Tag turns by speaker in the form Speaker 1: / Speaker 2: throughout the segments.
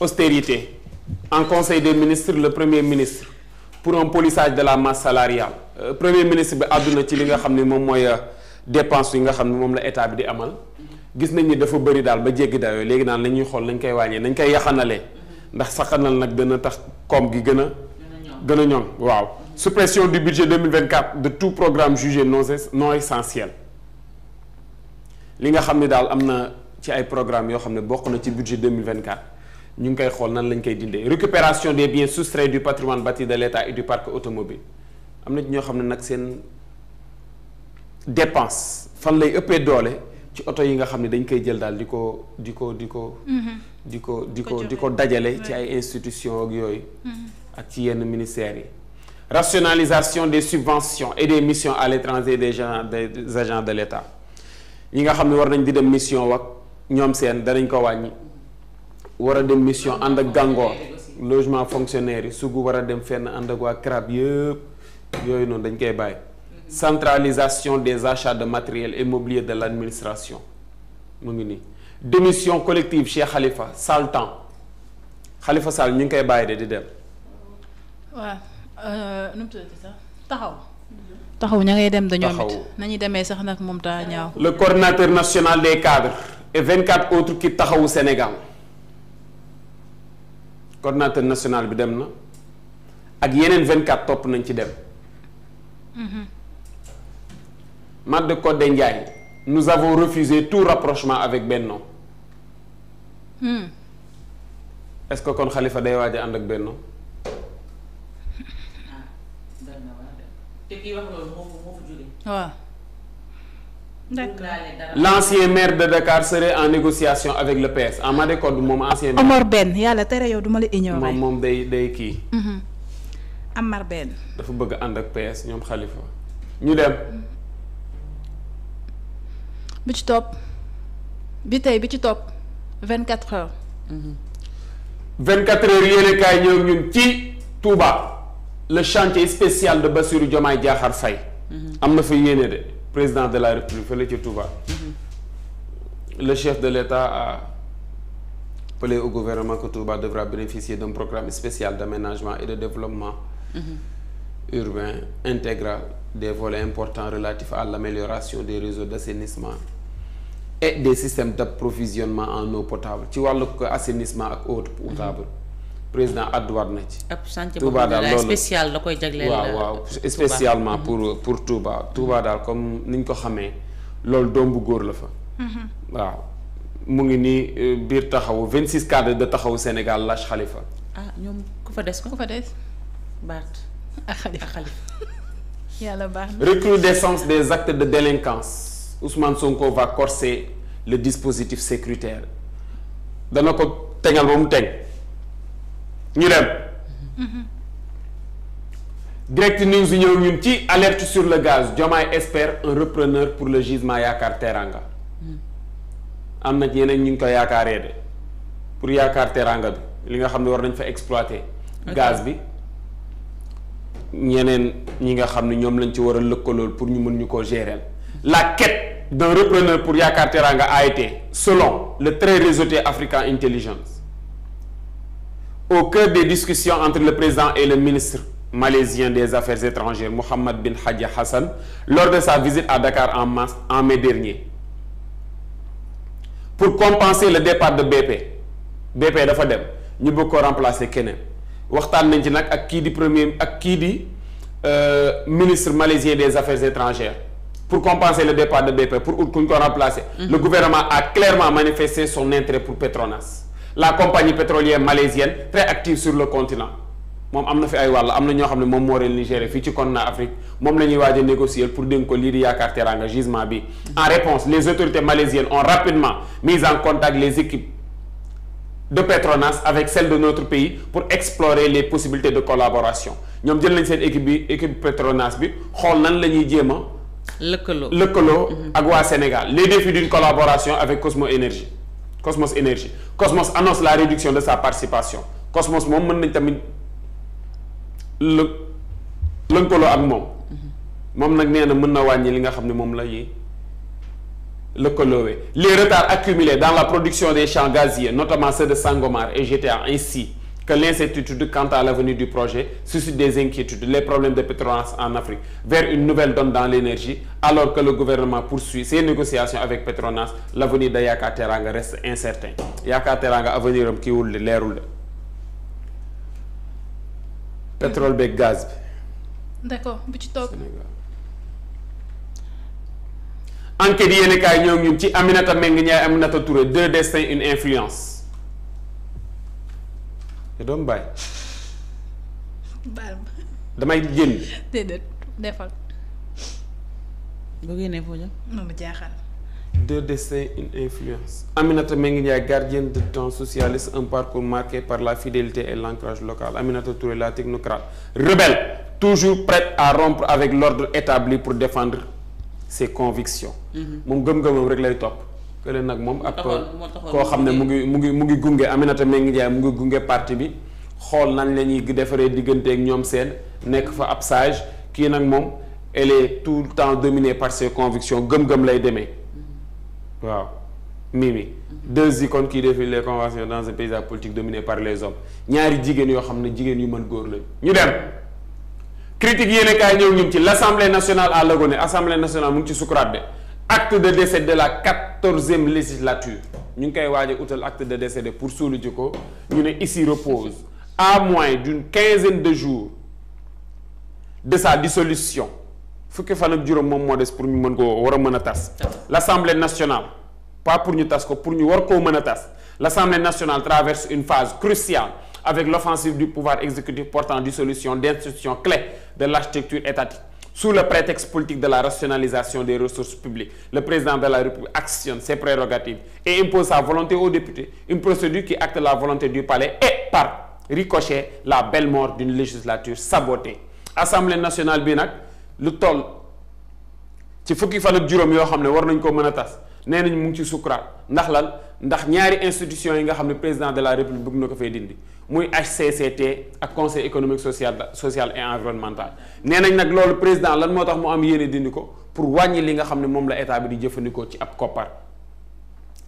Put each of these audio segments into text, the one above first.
Speaker 1: austérité en conseil des ministres le premier ministre pour un polissage de la masse salariale euh, premier ministre bi àdduna ci li nga xam ne moom mooy euh, dépense yi nga xam ne moom la état bi di amal gis nañ ni dafa bëri daal ba jéggi dayoo léegi naan la ñuy xool nañ koy wàññee nañ koy yaxanalee ndax saxanal nag dana tax koom gi gën a gën a ñoŋ waaw suppression du budget 2024 de tout programme jugé non non essentiel li nga xam ne daal am na ci ay programme yoo xam ne bokk na ci budget 2024 ñu ngi koy xool nan lañ koy dindee récupération des biens soustraits du patrimoine bâti de l'État et du parc automobile am na ñoo xam ne nag seen dépense fan lay ëppee doole ci oto yi nga xam ne dañ koy jël daal di ko di ko di ko mm-hmm. di ko di ko di ko dajale ci ay institutions ak yooyu mm-hmm. ak ci yenn ministères yi rationalisation des subvention et des mission à l'étranger des gens des agent de l'État yi nga xam ne war nañ di dem mission wak ñoom seen danañ ko wàññi war a dem mission ànd ak gàngoor logement fonctionnaire yi sugu war a dem fenn ànd ak waa CRAB yëpp yooyu noonu dañ koy bàyyi centralisation des achats de matériels et mobilier de l' administration mu ngi nii démission collective chez Khalifa Sall xalifa Khalifa Sall ñu ngi koy bàyyi de di dem.
Speaker 2: waaw euh, nu taxaw. taxaw ña ngay dem dañoo mit nañu demee sax nag moom taa ñaaw. le
Speaker 1: coordinateur national des cadres et vingt 24 autres qui taxawu Sénégal. coordinateur national bi dem na ak yeneen vingt 24 topp nañ ci dem. Mhm. Madde Codé Ndiaye nous avons refusé tout rapprochement avec Benno. Mm. est-ce que kon xalifa day waaj a ànd ak Benno. ah l'ancien maire de Dakar serait en négociation avec le PS Amady ah, Codou moom ancien maire. Omar
Speaker 2: Ben yàlla tere yow duma la ignorer. moom
Speaker 1: moom day day kii.
Speaker 2: Mhm. Amar Ben.
Speaker 1: dafa bëgg ànd ak PS ñoom Khalifa ñu dem.
Speaker 2: bi ci topp bi tey bi ci topp vingt quatre heures. Mhm.
Speaker 1: vingt quatre heures yéen kaay ñëw ñun ci Touba le chantier spécial de Bassirou Diomaye Diakhar Faye mhm. am na fa yéene de. président de la république fële Touba le chef de l'État a appelé au gouvernement que Touba devra bénéficier d'un programme spécial d'aménagement et de développement urbain intégral des volets importants relatifs à l'amélioration des réseaux d'assainissement et des systèmes d'approvisionnement en eau potable ci wàllu ko assainissement ak eau potable président àdduwaat na ci. ak chantier boobu daal spécial la koy jagleel. waaw waaw spécialement mhm. pour pour Touba. Touba daal comme ni niñ ko xamee loolu doom bu góor la fa. Mhm. waaw mu ngi nii euh, biir taxawu 26 cadres de taxawu Sénégal lâche Khalifa.
Speaker 3: ah ñoom ku fa des ko ku fa des. Baart baax na recrudescence des actes de
Speaker 1: délinquance Ousmane Sonko va corser le dispositif sécuritaire dana ko tegal ba mu teg. ñu dem mm-hmm. direct news yi ñëw ñun ci alerte sur le gaz Diomaye espère un repreneur pour le gisement Yaakaar Teranga mm-hmm. am na yeneen ñu ngi ko yaakaaree de pour Yaakaar Teranga bi li nga xam ne war nañ fa exploiter gaz bi ñeneen ñi nga xam ne ñoom lañ ci war a lëkkalool pour ñu mën ñu ko gérer la quête d'un repreneur pour Yaakaar Teranga a solon selon le très réseauté African Intelligence au cœur des discussions entre le président et le ministre malaisien des Affaires étrangères Mohamed bin Hadji Hassan lors de sa visite à Dakar en mars, en mai dernier pour compenser le départ de BP BP dafa dem ñu bëgg ko remplacer keneen waxtaan nañ ci nag ak kii di premier ak kii di euh, ministre malaisien des Affaires étrangères pour compenser le départ de BP pour ut ku ñu ko remplacer. Mm-hmm. le gouvernement a clairement manifesté son intérêt pour Petronas. la compagnie pétrolière malaisienne très active sur le continent moom am na fi ay wàll am na ñoo xam ne moom moo leen géré fii ci continent Afrique moom la ñuy waaj a négocier pour dénk ko lii di yaakaar teraanga gisement bi en réponse les autorités malaisiennes ont rapidement mis en contact les équipes de Petronas avec celles de notre pays pour explorer les possibilités de collaboration ñoom jël nañ seen équipe bi équipe Petronas bi xool nan la ñuy jéem a
Speaker 3: lëkkaloo lëkkaloo
Speaker 1: mhm. ak waa Sénégal les défis d'une collaboration avec Énergie Cosmos Énergie Cosmos annonce la réduction de sa participation Cosmos moom mën nañ tamit lë lënkaloo ak moom mm-hmm. moom nag nee na mën na wàññi li nga xam ni moom la yi lëkkaloowee les retards accumulés dans la production des champs gaziers notamment ceux de Sangomar et GTA ainsi que l'incertitude quant à l'avenir du projet suscite des inquiétudes, les problèmes de Petronas en Afrique, vers une nouvelle donne dans l'énergie, alors que le gouvernement poursuit ses négociations avec Petronas, l'avenir de Yakaar Teranga reste incertain. Yakaar Teranga avenir am kiiwul de leerul de pétrole beeg gaz bi.
Speaker 2: d'accord bu ci toog.
Speaker 1: enquête yéen a kaay ñoom ñun ci Aminata deux destins une influence. te doo mu bàyyi. baal ma. damay génn.
Speaker 2: déedéet defal. boo génnee foo jëm. moom jaaxal.
Speaker 1: deux destins une influence. Aminata Mbengue Ndiaye gardienne de temps socialiste un parcours marqué par la fidélité et l'ancrage local Aminata Touré la technocrate rebelle toujours prête à rompre avec l'ordre établi pour défendre ses convictions. Mm-hmm. moom gëm-gëmam rek lay topp. kële nag moom ab koo xam ne mu ngi mu ngi mu ngi gunge Aminata Mbengue Ndiaye mu ngi gunge parti bi xool nañ la ñuy defaree digganteeg ñoom seen nekk fa ab sage kii nag moom elle est tout le temps dominée par ses convictions gëm-gëm lay demee waaw Mimi mm-hmm. deux icônes qui défient les conventions dans un paysage politique dominé par les hommes ñaari jigéen yoo xam ne jigéen yu mën góor lañ ñu dem critique yéen a kaay ñëw ñun ci l' assemblée nationale à l'agone assemblée nationale mu ngi ci acte de décès de la quatorzième législature ñu ngi koy waaj a utal acte de décès pour suulu ji ko ñu ne ici repose à moins d'une quinzaine de jours de sa dissolution fukki fan ak juróom moom moo des pour ñu mën ko war a mën a tas l'Assemblée nationale pas pour ñu tas ko pour ñu war koo mën a tas l'Assemblée nationale traverse une phase cruciale avec l'offensive du pouvoir exécutif portant dissolution d'institutions clés de l'architecture étatique sous le prétexte politique de la rationalisation des ressources publiques le président de la République actionne ses prérogatives et impose sa volonté aux députés une procédure qui acte la volonté du palais et par ricochet la belle mort d'une législature sabotée assemblée nationale bi nag lu toll ci fukki fan juróom yoo xam ne war nañ ko mën a tas nee nañ mu ngi ci sukuraat ndax lan ndax ñaari institution yi nga xam ne président de la république bëgg na ko fay dindi muy HCCT ak conseil économique social social et environnemental nee nañ nag loolu président lan moo tax mu am yéene dindi ko pour wàññi li nga xam ne moom la état bi di jëfandikoo ci ab koppar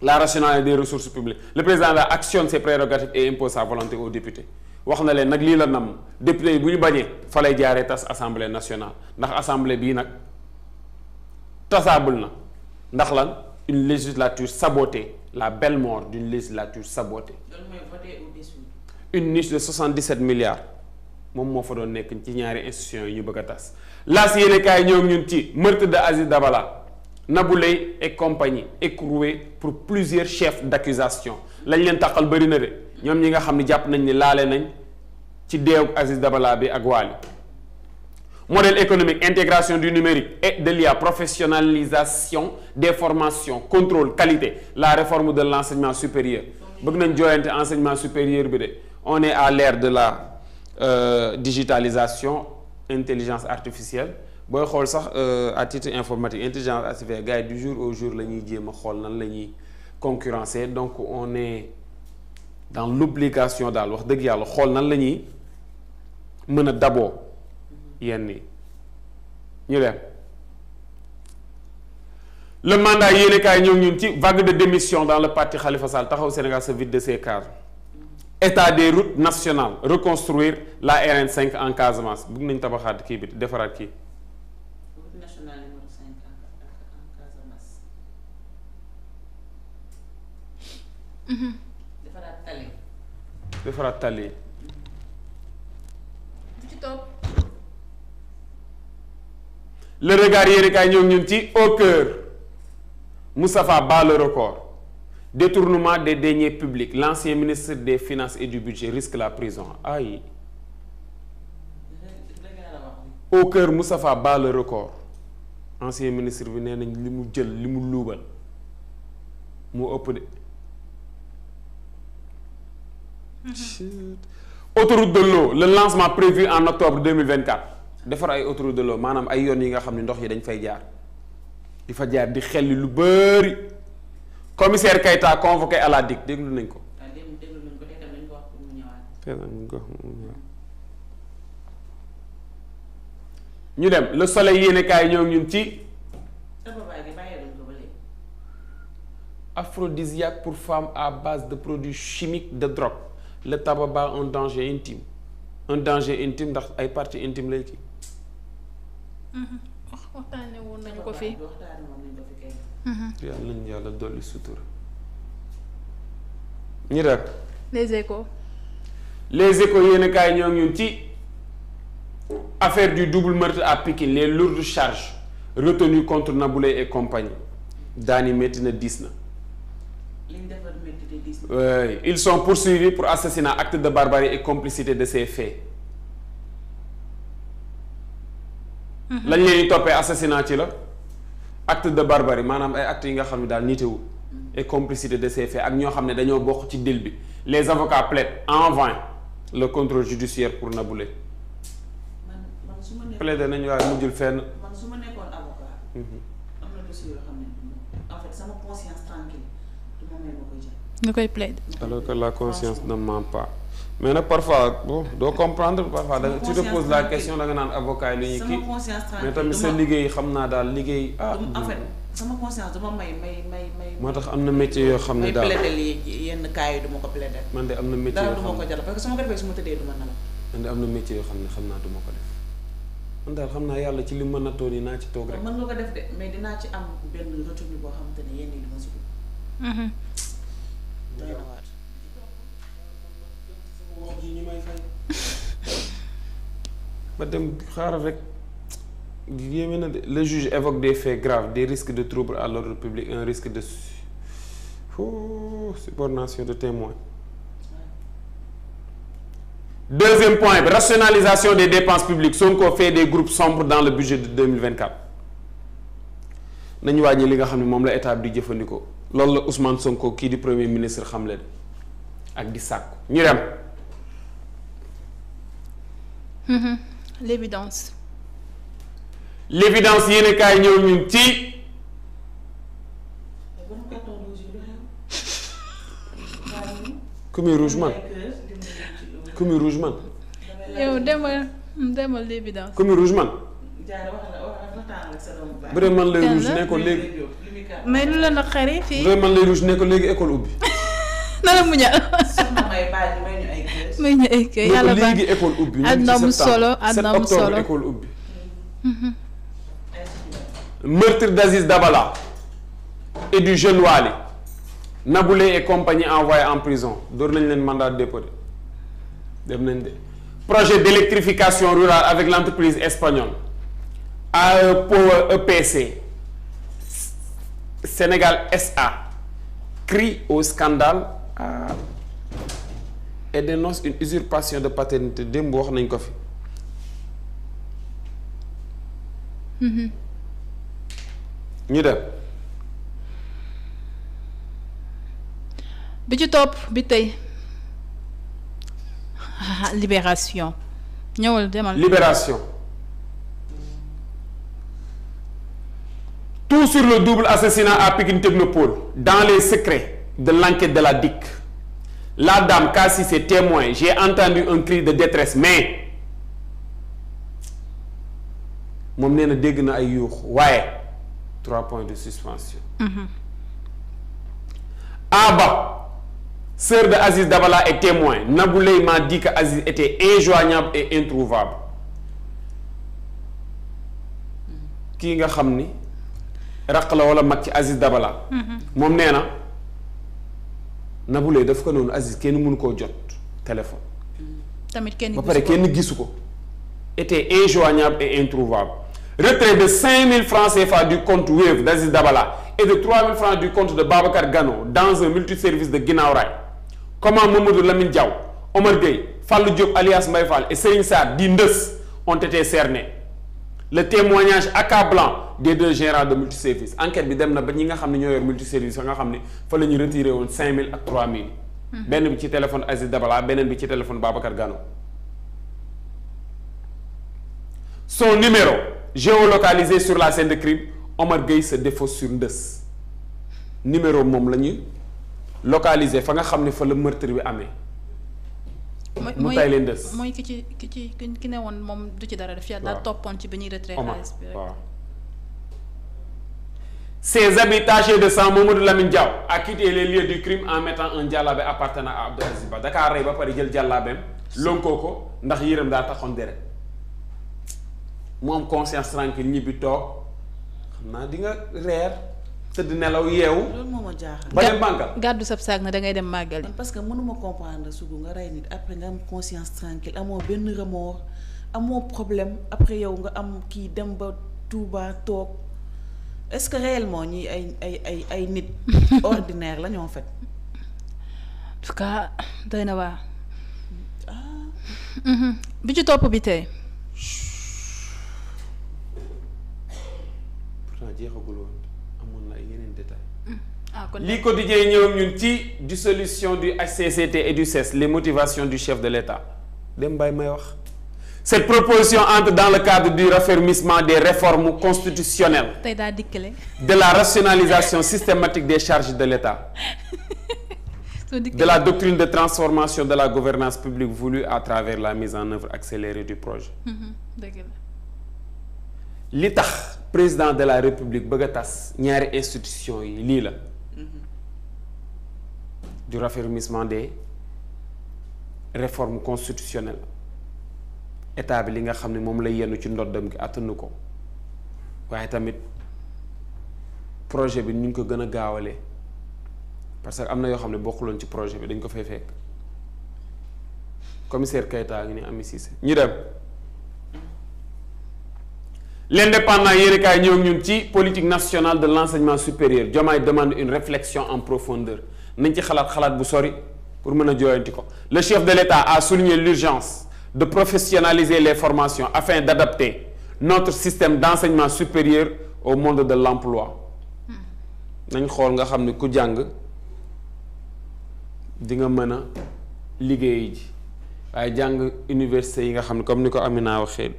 Speaker 1: la rationalité des ressources publiques le président la actionne ses prérogatives et impose sa volonté aux députés wax na leen nag lii la nam député yi bu ñu bañee fa lay jaaree tas assemblée nationale ndax assemblée bii nag tasaabul na ndax lan une législature sabotée la belle mort d'une législature sabotée. une niche de 77 milliards moom moo fa doon nekk ci ñaari institutions yi ñu bëgg a tas. laas yéene kaay ñoom ñun ci meurtre de Aziz Dabala Nabou Leye et compagnie écroué pour plusieurs chefs d'accusation lañ leen taqal bëri na de ñoom ñi nga xam ne jàpp nañ ni laale nañ ci deewu Aziz Dabala bi ak Wali modèle économique intégration du numérique et de l'IA professionnalisation des formations contrôle qualité la réforme de l'enseignement supérieur bëgg nañ joyante enseignement supérieur bi de on est à l'ère de la euh, digitalisation intelligence artificielle booy xool sax euh, à titre informatique intelligence artificielle gars yi du jour au jour la ñuy jéem a xool nan la ñuy concurrencer donc on est dans l'obligation daal wax dëgg yàlla xool nan la ñuy mën a daboo yenn yi ñu leen
Speaker 3: le mandat yéene kaay ñëw ñun
Speaker 1: ci vague de démission dans le parti Khalifa Sall taxaw Sénégal se vide de ses cadres état des routes nationales reconstruire la RN5 en Casamance bëgg nañ tabaxaat kii bi defaraat kii.
Speaker 3: route nationale numéro
Speaker 1: le regard yéeni kaay ñëw ñun ci au cœur Moustapha bat le record détournement des deniers publics l'ancien ministre des finances et du budget risque la prison aïe au cœur Moustapha bat le record ancien ministre bi nee nañ li mu jël li mu luubal mu ëpp de mm-hmm. autoroute de l'eau le lancement prévu en octobre defar ay autoroute de l'eau maanaam ay yoon yi nga xam ni ndox yi dañ fay jaar di fa jaar di xelli lu bëri commissaire Keita convoqué à la DIC déglu nañ ko. Ah, ñu dem le soleil yéene kaay ñoo ñun ci. aphrodisiaque pour femmes à base de produits chimiques de drogue le tabac bat un danger intime un danger intime ndax ay partie intime lay kii.
Speaker 3: Mm-hmm. waxtaanee woon nañu ko fi waxtaanee woon nañu ko fi kay.
Speaker 1: Mm-hmm. yàlla dolli sutura. ñi rek. les échos. les échos yéen a kaay ñoo ngi ci affaire du double meurtre à Pikine les lourdes charges retenues contre Naboulaye et compagnie daani métti na diis na. ils sont poursuivis pour assassinat acte de barbarie et complicité de ces faits. Mhm. lañu leen di toppee assassinat ci la acte de barbarie maanaam ay actes yi nga xam ne daal niitewul mhm. et complicité de ces ak ñoo xam ne dañoo bokk ci dil bi les avocats plaident en vain le contrôle judiciaire pour Nabou Leye plaidé nañu waaye mujjul fenn
Speaker 3: su ma nekkoon avocat mhm. koy
Speaker 1: jël nga koy plaidé alors la conscience ne ment mais nag parfois bon doo comprendre parfois da tu te poses la question da naan avocat yi la ñuy kii mais tamit sa liggéey xam naa daal liggéey. ah en fait
Speaker 3: sama moo tax am na métier yoo xam ne daal may plaider yenn cas yi du ma ko plaider.
Speaker 1: man de am na métier yoo xam ne daal du ma ko
Speaker 3: jàll parce que su ma ko defee su ma tëddee du ma man
Speaker 1: de am na métier yoo xam ne xam naa du ma ko def man daal xam naa yàlla ci li mën a toog nii naa ci toog rek. mën
Speaker 3: nga ko def de mais dinaa ci am benn retour boo xamante ne yéen ñi du ma si dugg. Mhm.
Speaker 1: wax ji ñu may fay. ba dem xaaral rek yéeme na de le juge évoque des faits graves des risques de trouble à l'ordre public un risque de oh, subornation de témoins.
Speaker 3: deuxième point bi
Speaker 1: rationalisation des dépenses publiques Sonko fait des groupes sombres dans le budget de 2024 nañu wàññi li nga xam ne moom la état di jëfandikoo loolu la Ousmane Sonko kii di premier ministre xamle ak di sàkku ñu dem.
Speaker 2: Mm-hmm. l' évidence.
Speaker 1: l' évidence yéen a kaay ñëw ñun ci. commis rouge man commis rouge man.
Speaker 3: yow demal demal l' évidence. commis rouge man. bu dee man lay rouge ne léegi. mais lu la
Speaker 2: naqari fii. bu dee man
Speaker 1: lay rouge ne léegi école ubbi.
Speaker 3: na la muñal.
Speaker 2: muy ñu ay kay yàlla ba léegi
Speaker 1: école ubbi àddina am solo àddina am solo école ubbi mhm. meurtre d'Aziz Dabala et du jeune Wali Naboulé et compagnie envoyé en prison door nañ leen mandat de dépôt dem nañ de projet d'électrification rurale avec l'entreprise espagnole a e Power EPC Sénégal SA crie au scandale et dénonce une usurpation de paternité démb wax nañ ko fi. Mm-hmm. ñu dem.
Speaker 2: bi ci topp bi tey libération. ñëwal demal libération.
Speaker 1: tout sur le double assassinat à Pikine Technopole dans les secrets de l'enquête de la dikk La dame, Kassi, c'est témoin. J'ai entendu un cri de détresse, mais. moom nee na dégg na ay yuux waaye trois points de suspension. Mm-hmm. Aba. Ah sœur de Aziz Dabala est témoin Naboulay m'a dit que Aziz était injoignable et introuvable mm-hmm. kii nga xam ni raq la wala mag ci Aziz Dabala. Mm-hmm. moom nee nabulee daf ko noonu Aziz kenn munu koo jot téléphone.
Speaker 2: tamit kenn ba pare kenn
Speaker 1: gisu ko. était injoignable et introuvable. retrait de 5000 francs CFA du compte Wave d'Aziz Dabala et de 3000 francs du compte de Babacar Gano dans un service de Guinaw Rail. comment Mamadou Lamine Diaw Omar Gueye Fallou Diop alias Mbaye Fall et Serigne Sarr di Ndës ont été cernés. le témoignage accablant des deux gérants de multiservice enquête bi dem na ba ñi nga xam ne ñoo yor multiservice nga xam ne fa la ñu retiré woon 5000 ak 3000. Mhm. benn bi ci téléphone Aziz Dabala beneen bi ci téléphone Babacar Gano. son numéro géolocalisé sur la scène de crime Omar Gueye se défausse sur Ndës numéro moom la ñu localisé fa nga xam ne fa la meurtre bi amee. mu tay leen des mooy
Speaker 2: ki ci ki ci ki ne woon moom du ci dara def yàlla daal toppoon ci bi ñuy retraité xaalis
Speaker 1: bi rek Ses habits tachés de sang, Mamadou Lamine Diaw a quitté les lieux du crime en mettant un jàllaabe appartenant à Abdou Aziz Ba dakaa rey ba pare jël jàllaabeem lonkoo ko ndax yërëm daa taxoon deret mu am conscience tranquille ñibbi toog xam naa di nga reer tëdd nelaw yeewu. loolu
Speaker 3: moo ma jaaxal. ba dem màggal gàddu sab saag na da ngay dem màggal. parce que mënuma comprendre sugu nga rey nit après nga am conscience tranquille amoo benn remords amoo problème après yow nga am kii dem ba Touba toog est-ce que réellement ñi ay ay ay ay nit ordinaire la ñoo fait.
Speaker 1: Ah, lii quotidien ñëw ñun ci dissolution du HCCT et du CES les motivations du chef de l'État dem mbay may wax cette proposition entre dans le cadre du raffermissement des réformes constitutionnelles
Speaker 2: de la rationalisation
Speaker 1: systématique des charges de l'État
Speaker 2: de la doctrine de
Speaker 1: transformation de la gouvernance publique voulue à travers la mise en œuvre accélérée du projet
Speaker 2: mm-hmm.
Speaker 1: li tax président de la République bëgg a tas ñaari institution yi lii la Mm-hmm. du raffermissement des réformes constitutionnelles état bi li nga xam ne moom lay yenn ci ndoddam gi àttanu ko waaye tamit projet bi ñu ngi ko gën a gaawalee parce que am na yoo xam ne bokkuloon ci projet bi dañ ko fay fekk commissaire Keita ngi ni Ami Cissé ñu dem L'indépendant yéen kaay ñëw ñun ci politique nationale de l'enseignement supérieur Diomaye demande une réflexion en profondeur nañ ci xalaat xalaat bu sori pour mën a jooyanti ko le chef de l'État a souligné l'urgence de professionnaliser les formations afin d'adapter notre système d'enseignement supérieur au monde de l'emploi nañ xool nga xam ne ku jàng di nga mën a liggéey ji waaye jàng université yi nga xam ne comme ni ko Amina waxee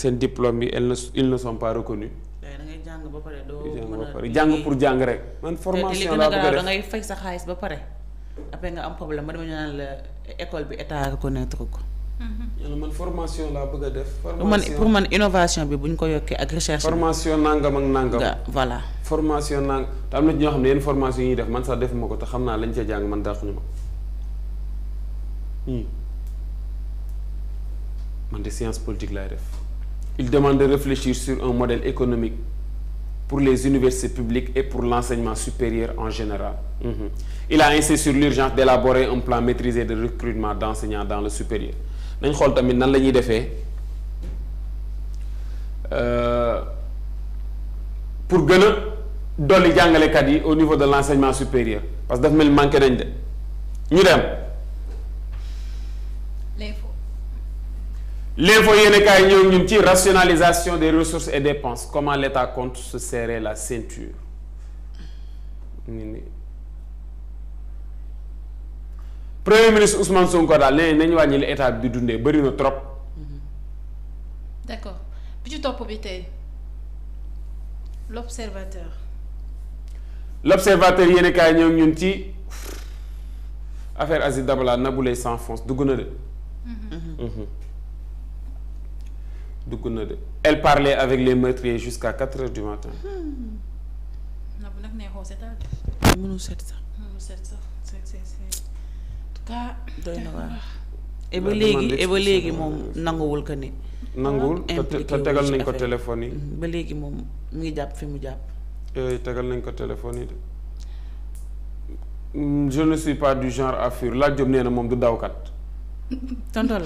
Speaker 1: seen diplôme yi elles ne ils ne sont pas reconnus. da ngay jàng ba pare doo mën a jàng pour jàng rek. man formation laa bëgg a def da
Speaker 3: ngay fay sa xaalis ba pare. après nga am problème ma dama ñu naan la école bi état reconnaître ko.
Speaker 1: Mhm. man formation laa bëgg a def. formation pour man
Speaker 3: innovation bi bu ñu ko yokkee ak recherche. formation
Speaker 1: nangam ak nangam. voilà. formation nang te am na ñoo xam ne yenn formation yi ñuy def man sax defuma ko te xam naa lañ ca jàng man dàqu ñu ma. Hmm. man de science politique laay def. il demande de réfléchir sur un modèle économique pour les universités publiques et pour l'enseignement supérieur en général. Mmh. Il a insisté sur l'urgence d'élaborer un plan maîtrisé de recrutement d'enseignants dans le supérieur. nañ xool tamit nan la ñuy defee euh, pour gën a dolli jàngalekat yi au niveau de l'enseignement supérieur parce que dafa mel manqué nañ de ñu dem. L'info yéenekaay ñëw ñun ci rationalisation des ressources et dépenses comment l'État compte se serrer la ceinture premier ministre Ousmane Sonko daal nee nañu wàññi li état bi di dundee bëri na trop. Mm-hmm. d'accord bi
Speaker 2: ci topp bi tey l'observateur.
Speaker 1: l'observateur yéen a kaay ñëw ci affaire Aziz Dabala Nabou Leye s'enfonce dugg na de. Mm-hmm. Mm-hmm. dugg na de elle parlait avec les meurtriers jusqu'à quatre heures du matin.
Speaker 2: Hmm. na bu nag neexoo
Speaker 3: seetal ba léegi ah. et ba léegi moom nanguwul que ni. nanguwul te tegal nañ ko téléphone yi. Hmm. ba léegi moom mu ngi jàpp fi mu jàpp.
Speaker 1: e tegal nañ ko téléphone yi de. Hmm, je ne suis pas du genre à fuir laaj jom na moom du dawkat. tonton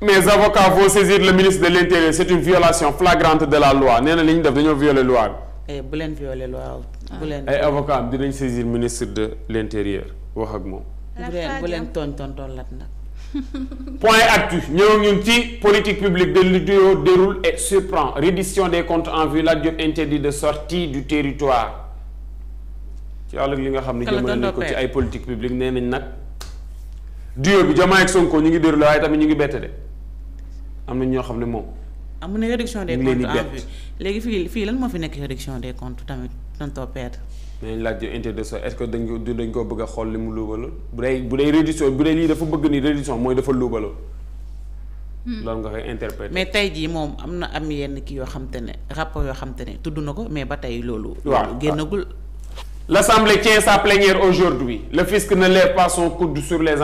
Speaker 1: mes avocats vont saisir le ministre de l'intérieur c'est une violation flagrante de la loi nee li ñu def dañoo violer loi
Speaker 3: bi. Eh, bu leen violer loi bu leen. ay
Speaker 1: avocats am dinañ saisir ministre de l'intérieur wax ak moom.
Speaker 3: bu leen tooñ tontoon lat nag.
Speaker 1: point actu ñëw ci politique publique de l'UDO déroule et surprend reddition des comptes en vue Lat Diop interdit de sortie du territoire ci àll li nga xam ne jëmale nañ ko ci ay politique publique nee nañ nag duo bi Diomaye ak Sonko ñu ngi déroulé waaye tamit ñu ngi bette de am na ñoo xam ne moom. am
Speaker 3: ne réduction des comptes léegi fii fii lan moo fi nekk réduction des comptes tamit tontoo perte.
Speaker 1: nañ laaj interdiction est que dañ ko dañ koo bëgg xool li mu luubaloon bu dee bu dee réduction bu dee lii dafa bëgg ni réduction mooy dafa luubaloon. Hmm. loolu nga koy interpréter. mais
Speaker 3: tey jii moom am na am yenn kii yoo xam te ne rapport yoo xam te ne tudd na ko mais ba tey loolu. waaw génnagul.
Speaker 1: l'Assemblée tient sa plénière aujourd'hui le fisc ne lève pas son coude sur les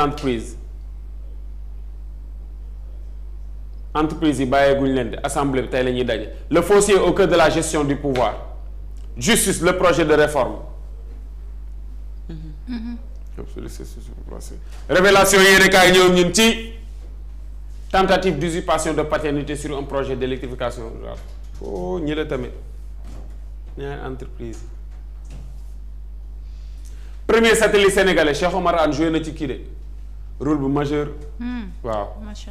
Speaker 1: entreprise yi bàyyeeguñ leen di assemblée bi tey la ñuy daje le foncier au cœur de la gestion du pouvoir justice le projet de réforme. révélation yéen kaay ñëw ñun ci tentative d'usurpation de paternité sur un projet d'électrification rurale oh ñi la tamit ñaari entreprise premier satellite sénégalais Cheikh Omar Anne joué na ci kii de rôle bu majeur. Hmm. waw macha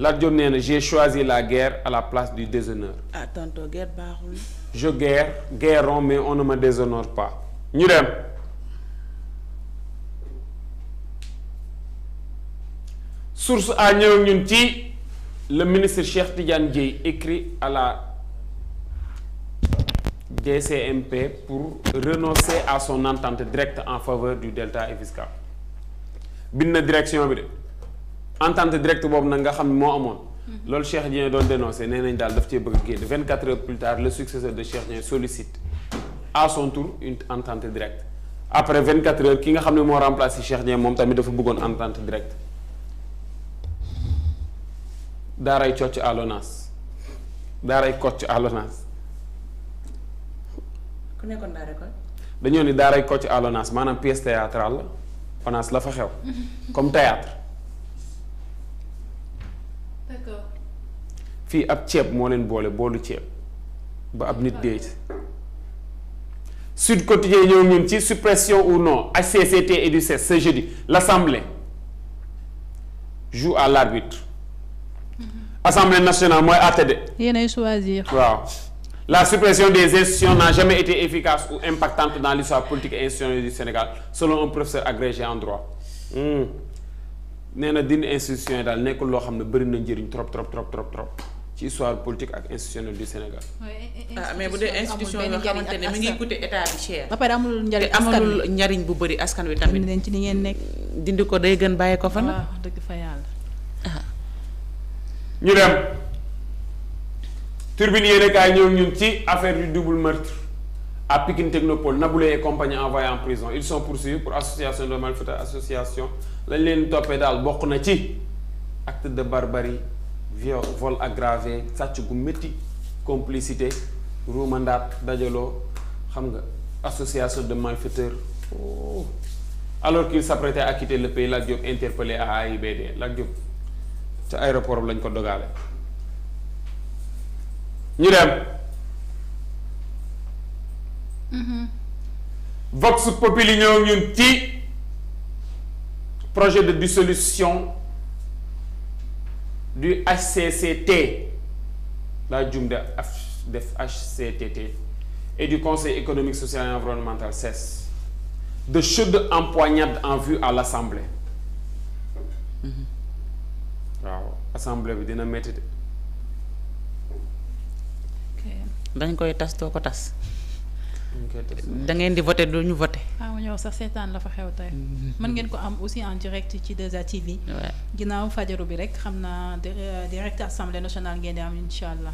Speaker 1: Lat Diop nee na j'ai choisi la guerre à la place du déshonneur.
Speaker 3: ah tantôt guerre baaxul.
Speaker 1: je guerre guerrons mais on ne me déshonore pas ñu dem. source à ñëw ñun ci le ministre Cheikh Tidiane Dièye écrit à la DCMP pour renoncer à son entente direct en faveur du Delta et Fiscal bind na direction bi de. entente direct boobu nag nga xam ne moo amoon. loolu Cheikh Dieng doon dénoncé nee nañ daal daf cee bëgg génn 24 heures plus tard le successeur de Cheikh Dieng sollicite à son tour une entente directe après 24 heures ki nga xam ne moo remplacé Cheikh Dieng moom tamit dafa bëggoon entente directe daaray cocc à l'ONAS daaray cocc à ku nekkoon dañoo ni daaray cocc à l'ONAS maanaam pièce théâtrale la la fa xew comme théâtre d'accord fii ab ceeb moo leen boole boolu ceeb ba ab nit dee Sud Quotidien ñëw ñun ci suppression ou non HCCT et du CES ce jeudi l'Assemblée joue à l'arbitre mm -hmm. Assemblée nationale mooy àtte de
Speaker 2: yéenay choisir
Speaker 1: waaw la suppression des institutions n'a jamais été efficace ou impactante dans l'histoire politique et institutionnelle du Sénégal selon un professeur agrégé en droit hmm. nee na dindi institution yi daal nekkul loo xam ne bëri na njëriñ trop trop trop trop trop ci histoire politique ak institutionnelle du Sénégal.
Speaker 3: ah mais bu dee institution yoo xamante ne mi ngi coûter état bi cher. ba pare amul njariñ askan amul njariñ bu bëri askan wi tamit. dinañ ci ni ngeen nekk. dindi ko day gën bàyyi ko fa nag. dëgg fa yàlla.
Speaker 1: ñu dem. turbine yéen a kaay ñoom ñun ci affaire du double meurtre. à Pikine Technopole Naboulé et compagnie envoyés en prison ils sont poursuivis pour association de malfaiteurs association lañ leen toppee daal bokk na ci acte de barbarie viol vol aggravé sàcc gu métti complicité ruumandaat dajaloo xam nga association de malfaiteurs oh. alors qu'il s'apprêtait à quitter le pays Lat Diop interpellé à AIBD Lat Diop ca aéroport lañ ko dogale ñu dem Mm-hmm. vox populi ñoo ci projet de dissolution du HCCT la jum de def HCCT et du conseil économique social et environnemental CESE de chaudes empoignades en vue à l'assemblée mm-hmm. waaw assemblée bi dina métti
Speaker 3: dañ koy tas doo ko tas da ngeen di voté du ñu voté.
Speaker 2: waaw ah, ñëw sax seetaan la fa xew tey. mën ngeen ko am aussi en direct ci 2A TV. ginnaaw fajaru bi rek xam naa euh, direct assemblée nationale ngeen di am incha allah.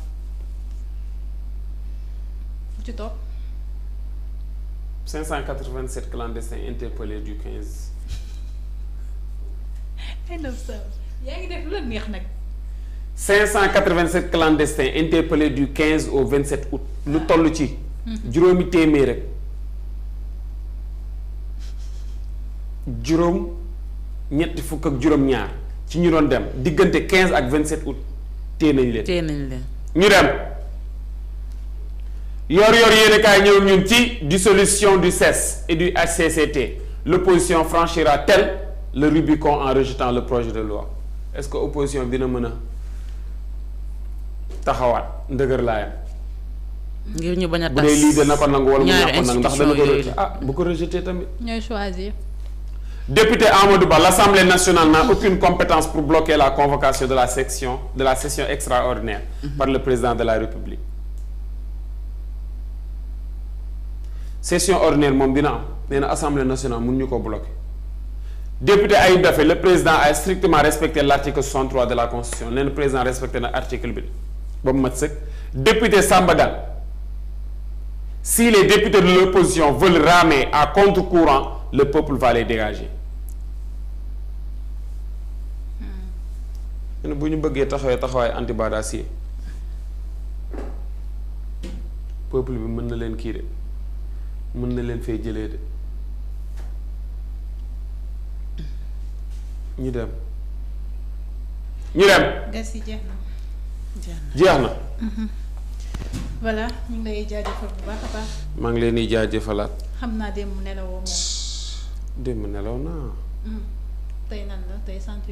Speaker 2: ci topp.
Speaker 1: 587 clandestins interpellés du 15.
Speaker 2: ay na sax yaa ngi def lu la neex nag.
Speaker 1: 587 clandestins interpellés du 15 au 27 août. lu ah. toll ci. juróomi téeméer rek juróom ñetti fukk ak juróom-ñaar ci ñu doon dem diggante quinze ak vingt sept août nañ leen. téye nañ leen ñu dem yor-yor yéen kaay ñun ci dissolution du CESE et du HCCT l'opposition franchira-t-elle le Rubicon en rejetant le projet de loi est-ce que opposition bi dina mën a taxawaat ndëgër laayam
Speaker 3: ngir ñu bañ a tas bu dee lii dana ko nangu wala mu ñàkk nangu ndax dana ko ah
Speaker 1: bu ko rejeté tamit.
Speaker 3: ñooy choisir.
Speaker 1: député Amadou Ba l'Assemblée nationale n'a aucune compétence pour bloquer la convocation de la section de la session extraordinaire mhm. par le président de la République session ordinaire moom dina am nee na Assemblée nationale mun ñu ko bloquer député ay Daffé le président a strictement respecté l'article 63 de la Constitution nee na président respecté na article bi ba mu mat sëkk député Samba Dal si les députés de l'opposition veulent ramer à contre-courant le peuple va les dégager ñu hmm. bu ñu bëggee taxawee taxawaay antibadacier peuple bi mën na leen kii de mën na leen fa jëlee de ñu dem ñu dem jeex na hmm.
Speaker 2: voilà ñu ngi lay jaajëfal bu baax a baax.
Speaker 1: maa ngi leen di jaajëfalaat.
Speaker 2: xam naa démb nelawoo moom.
Speaker 1: démb nelaw naa.
Speaker 2: Hmm. tey nan la tey sant